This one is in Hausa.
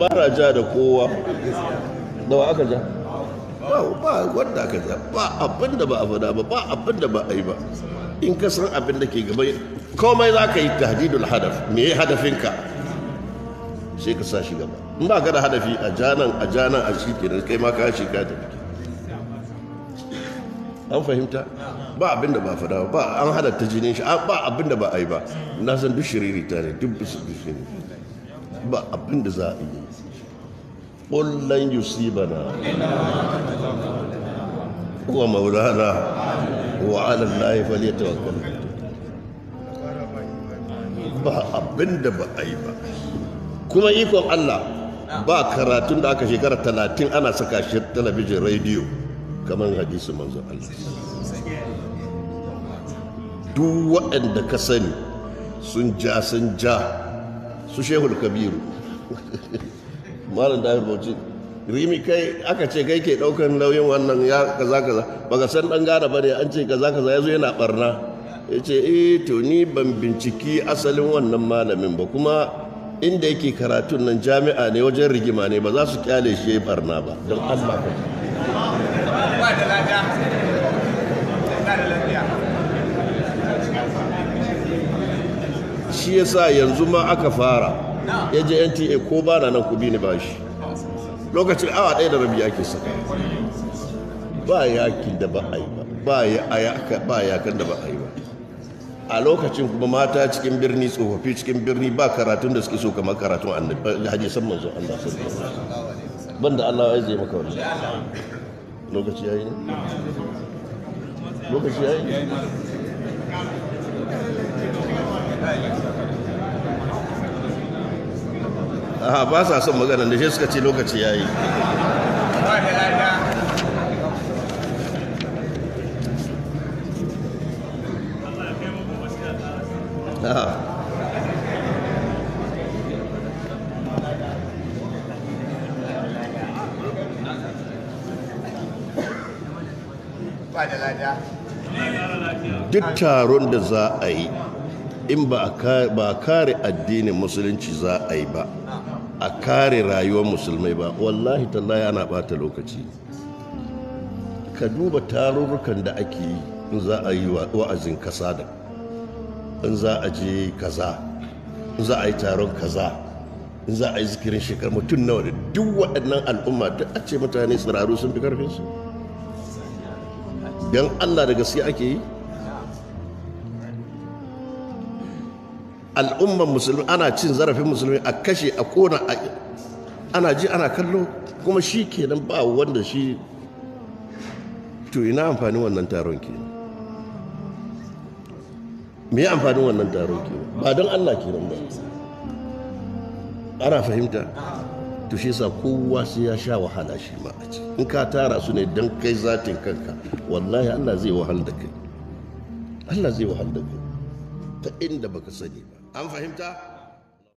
ba ra ja da kowa da wa aka ja ba wanda aka ja ba abin da ba a fada ba ba abin da ba a yi ba in ka san abin da ke gaba komai za ka yi ta hadidul hadaf me ya hadafin ka sai ka sa shi gaba in ba ka da hadafi a janan a janan a shi kenan kai ma ka shi ka tafi an fahimta ba abin da ba fada ba an hada ta jinin shi ba abin da ba a yi ba na san duk shiriri ta ne duk bisu bisu ne ba abin da za a yi ƙullon yusibana wa maulana wa alallahi faliyata wa kwallon ba abin da ba a yi ba kuma ikon Allah ba karatun da aka shekara talatin ana saka shi talabijin rediyo kamar hadisi manzo Allah duk waɗanda ka sani sun ja sun ja su shehul kabiru malam dahir bauchi rimi kai aka ce kai ke daukan nauyin wannan ya kaza kaza baka san dan gara bane an ce kaza kaza yazo yana barna yace eh to ni ban binciki asalin wannan malamin ba kuma inda yake karatun nan jami'a ne wajen rigima ne ba za su kyale shi barna ba don Allah shi sa yanzu ma aka fara ya je nta ko ba na nan ku bi ni bashi lokacin awa ɗaya da rabi ake saka ba yakin da ba a yi ba ba yakan da ba a yi ba a lokacin kuma mata cikin birni tsofaffi cikin birni ba karatun da suke so kamar karatun hajji hadisan manzon Allah sun alaihi wasallam da Allah ya zai maka wani lokaci yi ne lokaci ne ba sa son magana da shi suka ce lokaci ya yi duk taron da za a yi in ba a kare addinin musulunci za a yi ba a kare rayuwar musulmai ba wallahi tallahi ana bata lokaci ka duba tarurrukan da ake yi in za a yi wa'azin kasa da in za a je kaza in za a yi taron kaza in za a yi zikirin shekar mutum nawa da duk waɗannan al'umma duk a ce mutane tsirarru sun fi karfinsu don allah da gaske ake yi al'umman musulmi ana cin zarafin musulmi a kashe a kona ana ji ana kallo kuma shi kenan ba wanda shi to ina amfani wannan taron ke me ya amfani wannan taron ke ba don Allah kenan ba ana fahimta to shi sa kowa sai ya sha wahala shi ma a ci in ka tara su ne don kai zatin kanka wallahi Allah zai wahal da kai Allah zai wahal da kai ta inda baka sani ba an fahimta